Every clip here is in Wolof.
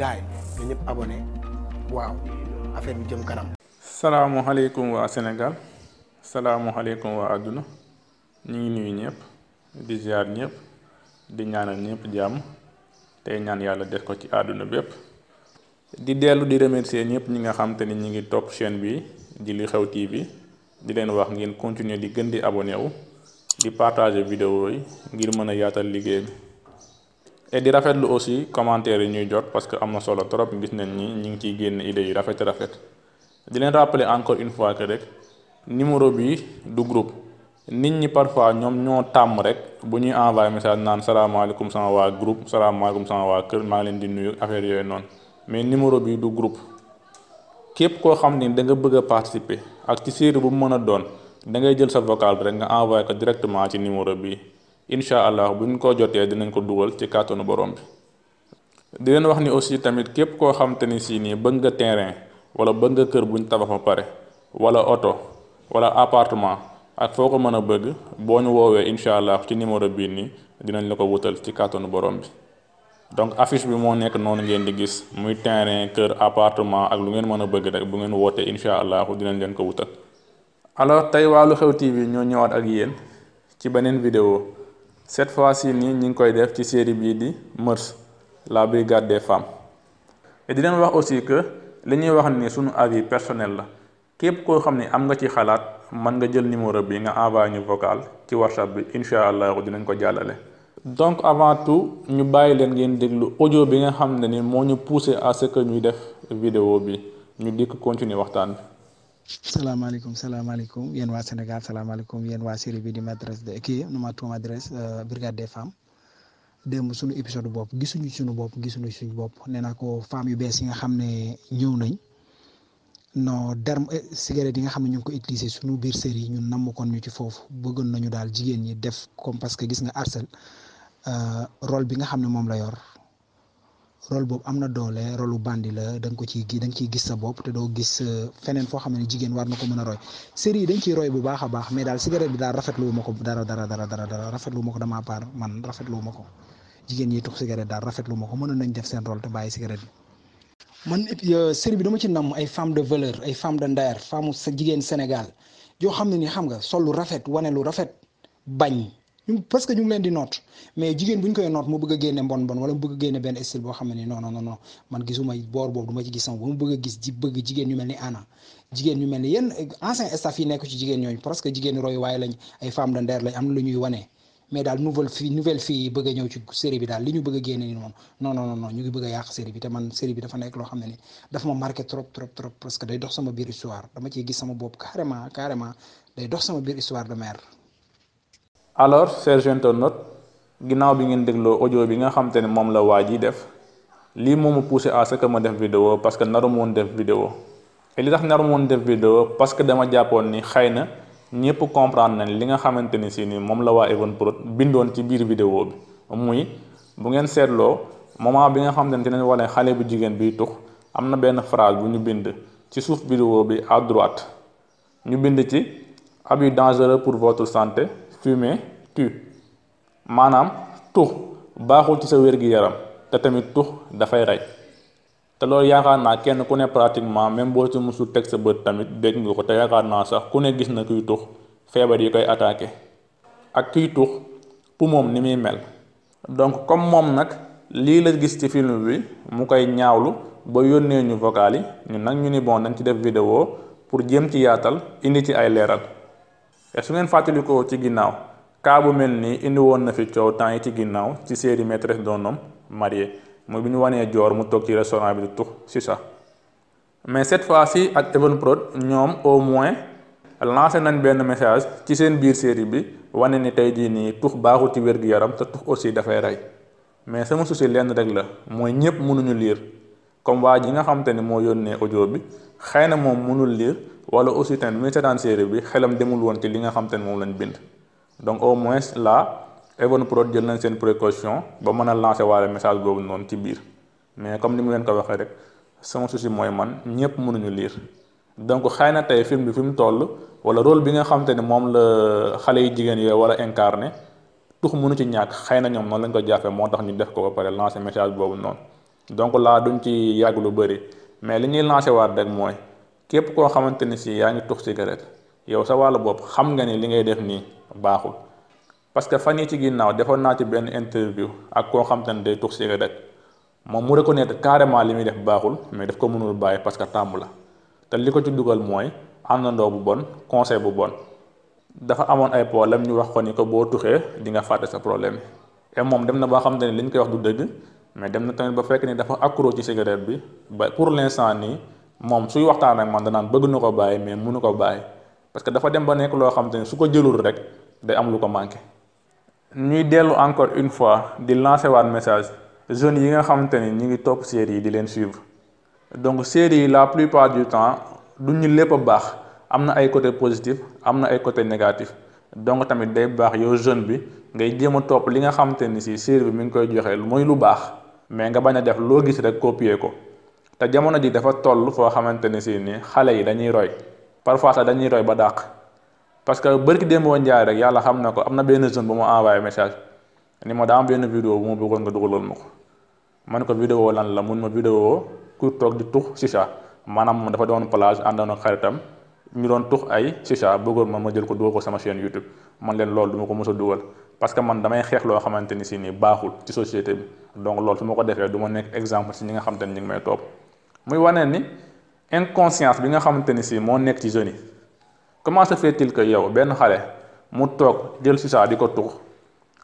gars yi ñëpp abonné bi jëm kanam. salaamualeykum waa Sénégal salaamualeykum waa àdduna ñu ngi nuyu ñëpp di ziar ñëpp di ñaanal ñëpp jàmm tey ñaan yàlla def ko ci àdduna bépp. di dellu di remercier ñëpp ñi nga xam te ni ñu ngi topp chaîne bi di li xew TV di leen wax ngeen continuer di gën di abonné di partager vidéo yi ngir mën a yaatal liggéey bi. et di rafet lu aussi commentaire yi ñuy jot parce que am na solo trop gis nañ ni ñu ngi ciy génn idées yi rafet rafet di leen rappeler encore une fois que rek numéro bi du group nit ñi parfois ñoom ñoo tàmm rek bu ñuy envoyé message naan salaamaaleykum sama waa group groupe salaamaaleykum sama waa kër maa ngi leen di nuyu affaire yooyu noonu mais numéro bi du group képp koo xam ni da nga bëgg a participer ak ci série bu mu mën a doon da ngay jël sa vocal bi rek nga envoyé ko directement ci numéro bi. incha allah buñ ko jotee dinañ ko dugal ci kàttanu borom bi. di leen wax ni aussi tamit képp koo xam te ni si nii bëgg nga terrain wala bëgg nga kër buñ tabax ba pare wala oto wala appartement ak foo ko mën a bëgg boo nu woowee incha allah ci numéro bii nii dinañ la ko wutal ci kàttanu borom bi. donc affiche bi moo nekk noonu ngeen di gis muy terrain kër appartement ak lu ngeen mën a bëgg rek bu ngeen wootee incha allahu dinañ leen ko wutal alors tey waa Lu Xew TV ñoo ñëwaat ak yéen ci beneen vidéo cette fois-ci nii ñi ngi koy def ci série bii di mœurs la brigade de femmes et di leen wax aussi que li ñuy wax ni suñu avis personnel la képp koo xam ne am nga ci xalaat mën nga jël numéro bi nga envoyé ñu vocal ci whatsapp bi incha allah dinañ ko jàllale. donc avant tout ñu bàyyi leen ngeen déglu audio bi nga xam ne ni moo ñu poussé à ce ñuy def vidéo bi ñu dikk continuer waxtaan bi. salaamaaleykum salaamaaleykum yéen waa Sénégal salaamaaleykum yéen waa série bi di maîtresse de kii nu ma tuuma adresse euh, brigade des femmes dem suñu épisode bopp gisuñu suñu bopp gisuñu suñu bopp nee naa ko femmes yu bees yi nga xam ne ñëw nañ non derm eh, cigarette yi nga xam ne ñu ngi ko utilisé suñu biir série ñun namm kon ñu ci foofu bëggoon nañu daal jigéen ñi def comme parce que gis nga Arcel euh, rôle bi nga xam ne moom la yor. rôle boobu am na doole rôle bandi la da ko ci da nga ciy gis sa bopp te doo gis euh, feneen foo xam ne jigéen war na ko mën a roy série yi dañ ciy roy bu baax a baax mais daal cigarette bi daal rafetlu ko dara dara dara dara dara rafetlu ma ko damaa paar man rafetlu ma ko jigéen yi tux cigarette daal rafetlu ko mënoon nañ def seen te bàyyi cigarette bi. man euh, série bi dama ci namm ay femme de valeur ay femme de ndayer femme sa jigéen Sénégal yoo xam ne nii xam nga sol lu rafet wane lu rafet bañ. ñu parce que ñu ngi leen di noot mais jigéen bu ñu koy noot mu bëgg a génne mbon bon wala mu bëgg a génne benn style boo xam ne ni non non non man gisuma boor boobu du ma ci gis sama ba mu bëgg a gis ji bëgg jigéen ñu mel ni ana jigéen ñu mel ni yenn ancien staff yi nekk ci jigéen ñooñu parce que jigéen royu waaye lañ ay femme de ndeer lañ am na lu ñuy wanee mais daal nouvelle fille nouvelle fille yi bëgg a ñëw ci série bi daal li ñu bëgg a génne ni noonu non non non ñu ngi bëgg a yàq série bi te man série bi dafa nekk loo xam ne ni dafa ma marqué trop trop trop parce que day dox sama biir histoire dama ciy gis sama bopp carrément carrément day dox sama biir histoire de mère alors chers internautes ginnaaw bi ngeen dégloo audio bi nga xam ne moom la waa ji def lii moo ma poussé à ce ma def vidéo parce que narum woon def vidéo li tax narum woon def vidéo parce que dama jàppoon ni xëy na ñëpp comprendre nañ li nga xamante ni si ni moom la waa Evenprod bindoon ci biir vidéo bi muy bu ngeen seetloo moment bi nga xam ne dinañ wane xale bu jigéen biy tux am na benn phrase bu ñu bind ci suuf vidéo bi à ñu bind ci ab yu dangereux pour votre santé fumer tue maanaam tux baaxul ci sa wér-gi-yaram te tamit tux dafay rey te loolu yaakaar naa kenn ku ne pratiquement même boo ci musul teg sa bët tamit dégg nga ko te yaakaar naa sax ku ne gis na kuy tux feebar yi koy attaqué ak kiy tux pour moom ni muy mel donc comme moom nag lii la gis ci film bi mu koy ñaawlu ba yónnee ñu vocal yi ñun nag ñu ni bon nañ ci def vidéo pour jéem ci yaatal indi ci ay leeral su ngeen fàttalikoo ci ginnaaw cas bu mel nii indi woon na fi coow temps yi ci ginnaaw ci série maîtresse d'un homme marié mooy bi ñu wanee joor mu toog ci restaurant bi di tux si sax mais cette fois ci ak Evenprod ñoom au moins lancé nañ benn message ci seen biir série bi wane ni tey jii nii tux baaxul ci wér-gu-yaram te tux aussi dafay rey mais sama souci lenn rek la mooy ñëpp mënuñu liir comme waa ji nga xam te ni moo yónnee audio bi xëy na moom mënul lire wala aussi tamit bu ñu seetaan bi xelam demul woon ci li nga xam te ne moom lañ bind donc au moins là Evenprod jël nañ seen précaution ba mën a lancer waale message boobu noonu ci biir mais comme ni mu leen ko waxee rek sama souci mooy man ñëpp mënuñu liir donc xëy na tey film bi fi mu toll wala rôle bi nga xam ne moom la xale yi jigéen yooyu wala incarné tux mënu ci ñàkk xëy na ñoom noonu lañ ko jàppee moo tax ñu def ko ba pare lancer message boobu noonu donc laa duñ ci yàgg lu bëri mais li ñuy lancer waat rek mooy. képp koo xamante ni si yaa ngi tux cigarette yow sa wàllu bopp xam nga ni li ngay def nii baaxul parce que fan yi ci ginnaaw defoon naa ci benn interview ak koo xamante ne day tux cigarette moom mu reconnaître carrément li muy def baaxul mais daf ko mënul bàyyi parce que tàmm la te li ko ci dugal mooy àndandoo bu bon conseil bu bon dafa amoon ay problème ñu wax ko ni ko boo tuxee di nga fàtte sa problème et moom dem na ba xam te ne liñ koy wax du dëgg mais dem na tamit ba fekk ni dafa accro ci cigarette bi ba pour l'instant nii moom suy waxtaan ak man danaan bëgg na ko bàyyi mais mënu ko bàyyi parce que dafa dem ba nekk loo xam te ne su ko jëlul rek day am lu ko manqué. ñuy dellu encore une fois di lancer waat message jeunes yi nga xamante ni ñu ngi topp séries yi di leen suivre donc séries yi la plupart du temps du ñu lépp a baax am na ay côté positif am na ay côté négatif donc tamit day baax yow jeune bi ngay jéem a topp li nga xamante ni si série bi mi ngi koy joxe mooy lu mais nga a def loo gis rek copier ko. te jamono ji dafa toll foo xamante ne si nii xale yi dañuy roy parfois sax dañuy roy ba dàq parce que bërki démb woon njaay rek yàlla xam na ko am na benn jeune bu mu envoyé message ni ma daa am benn vidéo bu nga dugalal ma ko man ko vidéo lan la mun ma vidéo ku toog di tux chicha maanaam dafa doon plage àndoon ak xaritam ñu doon tux ay chicha bëggoon ma ma jël ko dugal ko sama chaîne YouTube man leen lool du ma ko mos a dugal parce que man damay xeex loo xamante ni si nii baaxul ci société bi donc loolu su ma ko defee du ma nekk exemple si ñi nga xam te ne ñu ngi may topp muy wane ni inconscience bi nga xamante ni si moo nekk ci jeunes yi comment se fait-il yow benn xale mu toog jël sisa di ko tuux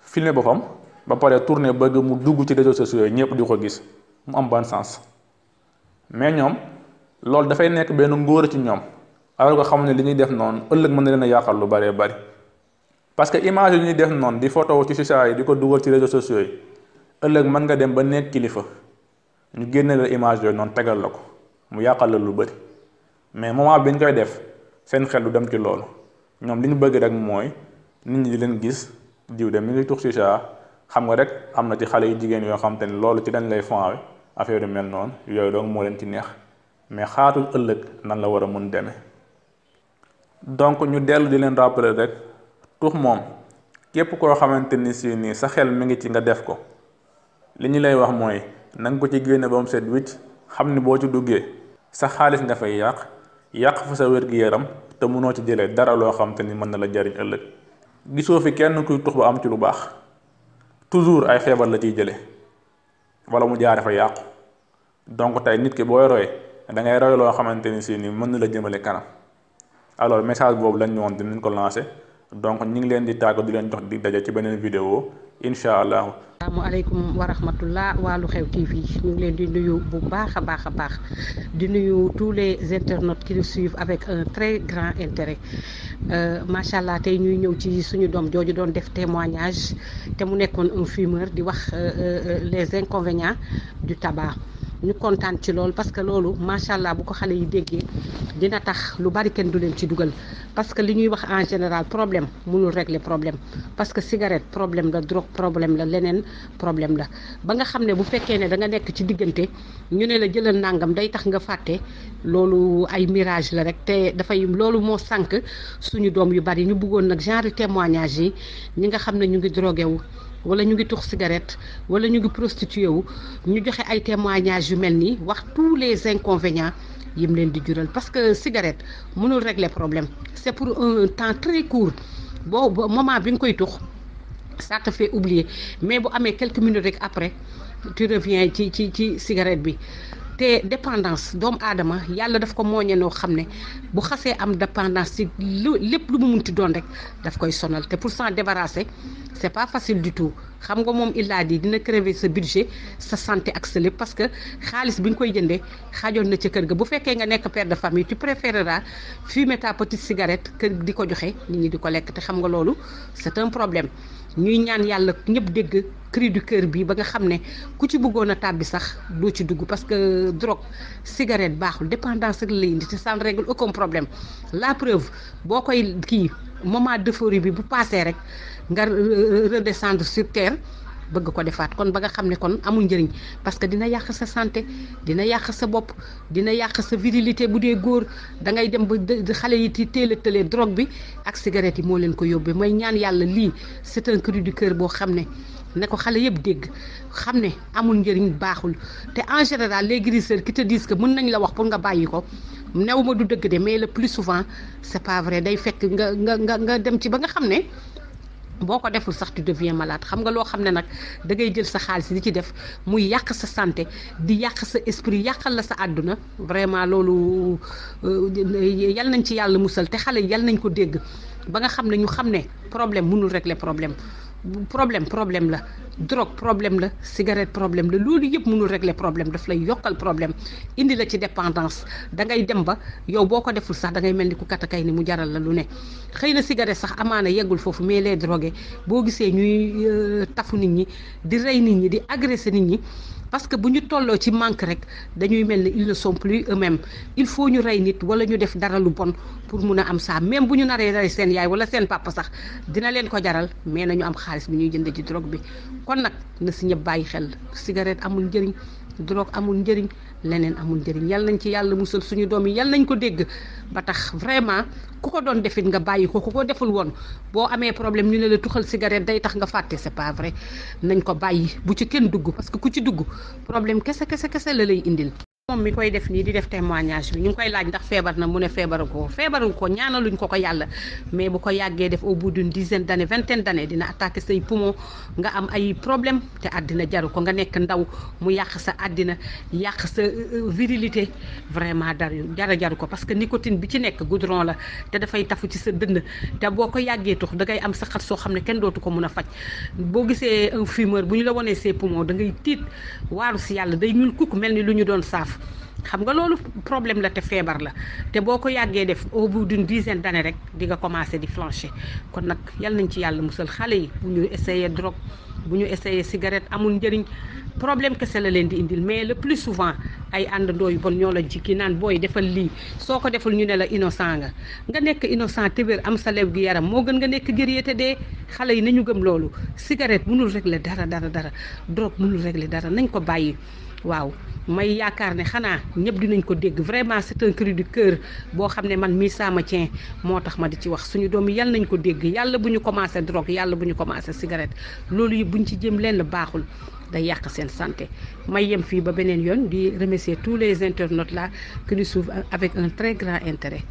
filmer boppam ba pare tourne bëgg mu dugg ci réseaux sociaux yi ñëpp di ko gis mu am bon sens mais ñoom loolu dafay nekk benn ngóor ci ñoom alors que xam ne li ñuy def noonu ëllëg mën na leen a yàqal lu bëree bëri parce que image yi ñuy def noonu di photo ci sisa yi di ko dugal ci réseaux sociaux yi ëllëg mën nga dem ba nekk kilifa. ñu génne la image yooyu noonu tegal la ko mu yàqal la lu bari mais moment bi ñu koy def seen xel du dem ci loolu ñoom li ñu bëgg rek mooy nit ñi di leen gis diw de mi ngi tux shisha xam nga rek am na ci xale yu jigéen yoo xam te ni loolu ci dañ lay fenwe affaire yu mel noonu yooyu donc moo leen ci neex mais xaatul ëllëg nan la war a mun demee donc ñu dellu di leen rappeler rek tux moom képp koo xamante ni si nii sa xel mu ngi ci nga def ko li ñu lay wax mooy nanga ko ci génne ba mu set wicc xam ni boo ci duggee sa xaalis nga fay yàq yàq fa sa wér-gi-yaram te mënoo ci jëlee dara loo xam ni mën na la jariñ ëllëg gisoo fi kenn kuy tux ba am ci lu baax toujours ay feebar la ciy jële wala mu jaare fa yàqu donc tey nit ki booy roy dangay ngay loo xamante ni si ni mën na la jëmale kanam alors message boobu lañ di dinañ ko lancé donc ñu ngi leen di tàggu di leen jox di daje ci beneen vidéo incha allah. asalaamaaleykum aleykum rahmatullah waa Lu Xew TV ñu ngi leen di nuyu bu baax a baax a baax di nuyu tous les internautes qui nous suivent avec un très grand intérêt euh, macha allah tey ñuy ñëw ci suñu doom jooju doon def témoignage te mu nekkoon un fumeur di wax euh, euh, les inconvénients du tabac. ñu kontaan ci loolu parce que loolu macha allah bu ko xale yi déggee dina tax lu bari kenn du leen ci dugal parce que li ñuy wax en général problème mënul régler problème parce que cigarette problème la drogue problème la leneen problème la ba nga xam ne bu fekkee ne da nga nekk ci diggante ñu ne la jëlal nangam day tax nga fàtte loolu ay mirage la rek te dafay loolu moo sànk suñu doom yu bari ñu buggoon nag genre témoignage yi ñi nga xam ne ñu ngi drogué wu. wala ñu ngi tux cigarette wala ñu ngi prostitué wu ñu joxe ay témoignages yu mel nii wax tous les inconvénients yim leen di jural parce que cigarette mënul régler problème c'est pour un temps très court boo moment bi nga koy tux ça te fait oublier mais bu amee quelques minutes rek après tu reviens ci ci ci cigarette bi te dépendance doomu aadama yàlla daf ko mooñee noo xam ne bu xasee am dépendance ci lu lépp lu mu munti doon rek daf koy sonal te pour s'en débarrasser c'est pas facile du tout xam nga moom illaa di dina crever sa budget sa santé ak sa lépp parce que xaalis bi nga koy jëndee xaajoon na ca kër gi bu fekkee nga nekk père de famille tu préféreras fumer ta petite cigarette kër di ko joxe nit ñi di ko lekk te xam nga loolu c'est un problème ñuy ñaan yàlla ñëpp dégg cri du cœur bi ba nga xam ne ku ci bëggoon a tàbbi sax doo ci dugg parce que drogue cigarette baaxul dépendance rek la indi te ça ne règle aucun problème la preuve boo koy kii moment d'euphorie bi bu paasee rek nga euh, euh, redescendre sur terre bëgg ko defaat kon ba nga xam ne kon amul njëriñ parce que dina yàq sa santé dina yàq sa bopp dina yàq sa virilité bu dee góor da ngay dem ba xale yi ti teel a tëlee drogue bi ak cigarette yi moo leen ko yóbbee mooy ñaan yàlla lii c'est un cri du boo xam ne ne ko xale yëpp dégg xam ne amul njëriñ baaxul te en général les guérisseurs qui te mën nañ la wax pour nga bàyyi ko new ma du dëgg de mais le plus souvent c'est pas vrai day fekk nga nga nga nga dem ci ba nga xam ne boo ko deful sax tu deviens malade xam nga loo xam ne nag dangay jël sa xaalis di ci def muy yàq sa santé di yàq sa esprit yàqal la sa àdduna vraiment loolu euh, yal nañ ci yàlla musal te xale yal nañ ko dégg ba nga xam ne ñu xam ne problème munul regle problème problème problème la drogue problème la cigarette problème la loolu yëpp mënul régler problème daf lay yokkal problème indi la ci dépendance dangay dem ba yow boo ko deful sax da ngay mel ni ku kay ni mu jaral la lu ne xëy na cigarette sax amaana yeggul foofu mais les drogués boo gisee ñuy euh, tafu nit ñi di rey nit ñi di agressé nit ñi parce que bu ñu tolloo ci manque rek dañuy mel ne ils ne sont plus eux-mêmes il faut ñu rey nit wala ñu def dara lu bon pour mun a am saa même bu ñu naree rey seen yaay wala seen papa sax dina leen ko jaral mais nañu am xaalis bi ñuy jënd ci drogue bi kon nag na si ñëpp bàyyi xel cigarette amul njëriñ drogue amul njëriñ leneen amul njëriñ yal nañ ci yàlla musal suñu doom yi yal nañ ko dégg ba tax vraiment ku ko doon defit nga bàyyi ko ku ko deful woon boo amee problème ñu ne la tuxal cigarette day tax nga fàtte c'est pas vrai nañ ko bàyyi bu ci kenn dugg parce que ku ci dugg problème kese kese kese la lay indil. moom mi koy def nii di def témoignage bi ñu ngi koy laaj ndax feebar na mu ne feebaru ko feebaru ko ñaanaluñ ko ko yàlla mais bu ko yàggee def au bout d'une dizaine d'années vingtaine d'années dina attaqué say poumon nga am ay problème te àddina jaru ko nga nekk ndaw mu yàq sa àddina yàq sa euh, euh, virilité vraiment dara dara jaru ko parce que nicotine bi ci nekk goudron la te dafay tafu ci sa dënn te boo ko yàggee tux da ngay am sa xat soo xam ne kenn dootu ko mun a faj boo gisee un bu ñu la wonee say poumon da ngay tiit waaru yàlla day mel ni lu ñu doon saaf xam nga loolu problème la te feebar la te boo ko yàggee def au bout d'une dizaine d'années rek di nga commencé di flancher kon nag yal nañ ci yàlla musal xale yi bu ñu essayé drogue bu ñu essayé cigarette amul njëriñ problème kese la leen di indil mais le plus souvent ay àndandoo yu bon ñoo la jikki naan booy defal lii soo ko deful ñu ne la innocent nga nga nekk innocent te wér am sa lew gi yaram moo gën nga nekk guerrier te dee xale yi nañu gëm loolu cigarette mënul régler dara dara dara drogue mënul régler dara nañ ko bàyyi waaw may yaakaar ne xanaa ñëpp dinañ ko dégg vraiment c'est un cri du cœur boo xam ne man mii sama tien moo tax ma di ci wax suñu doom yàlla nañ ko dégg yàlla bu ñu commencé drogue yàlla bu ñu commencé cigarette loolu yi buñ ci jëm lenn baaxul day yàq seen santé may yem fii ba beneen yoon di remercier tous les internautes la qui nous suivent avec un très grand intérêt